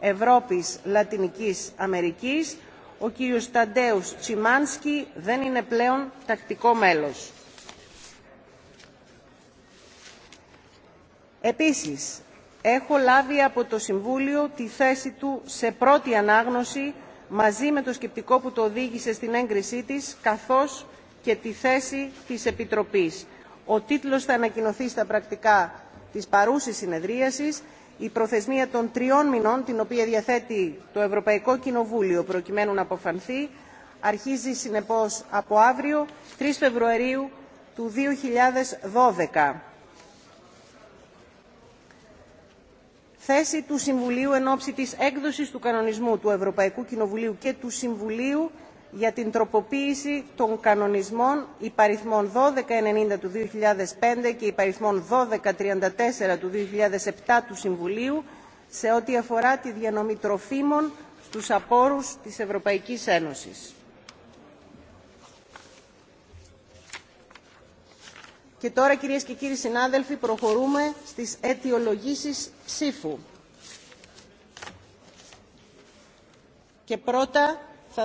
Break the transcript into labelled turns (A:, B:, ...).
A: Ευρώπης Λατινικής Αμερικής, ο κύριος Ταντέους Τσιμάνσκι δεν είναι πλέον τακτικό μέλος. Επίσης, έχω λάβει από το Συμβούλιο τη θέση του σε πρώτη ανάγνωση μαζί με το σκεπτικό που το οδήγησε στην έγκρισή της, καθώς και τη θέση της Επιτροπής. Ο τίτλος θα ανακοινωθεί στα πρακτικά της παρούσης συνεδρίασης η προθεσμία των τριών μηνών την οποία διαθέτει το ευρωπαϊκό κοινοβούλιο προκειμένου να αποφανθεί αρχίζει συνεπώς από αύριο 3 Φεβρουαρίου του 2012. Θέση του Συμβουλίου εν ώψη της έκδοσης του κανονισμού του Ευρωπαϊκού Κοινοβουλίου και του Συμβουλίου για την τροποποίηση των κανονισμών υπαριθμών 1290 του 2005 και υπαριθμών 1234 του 2007 του Συμβουλίου σε ό,τι αφορά τη διανομή τροφίμων στους απόρους της Ευρωπαϊκής Ένωσης. Και τώρα, κυρίες και κύριοι συνάδελφοι, προχωρούμε στις αιτιολογήσεις ψήφου. Και πρώτα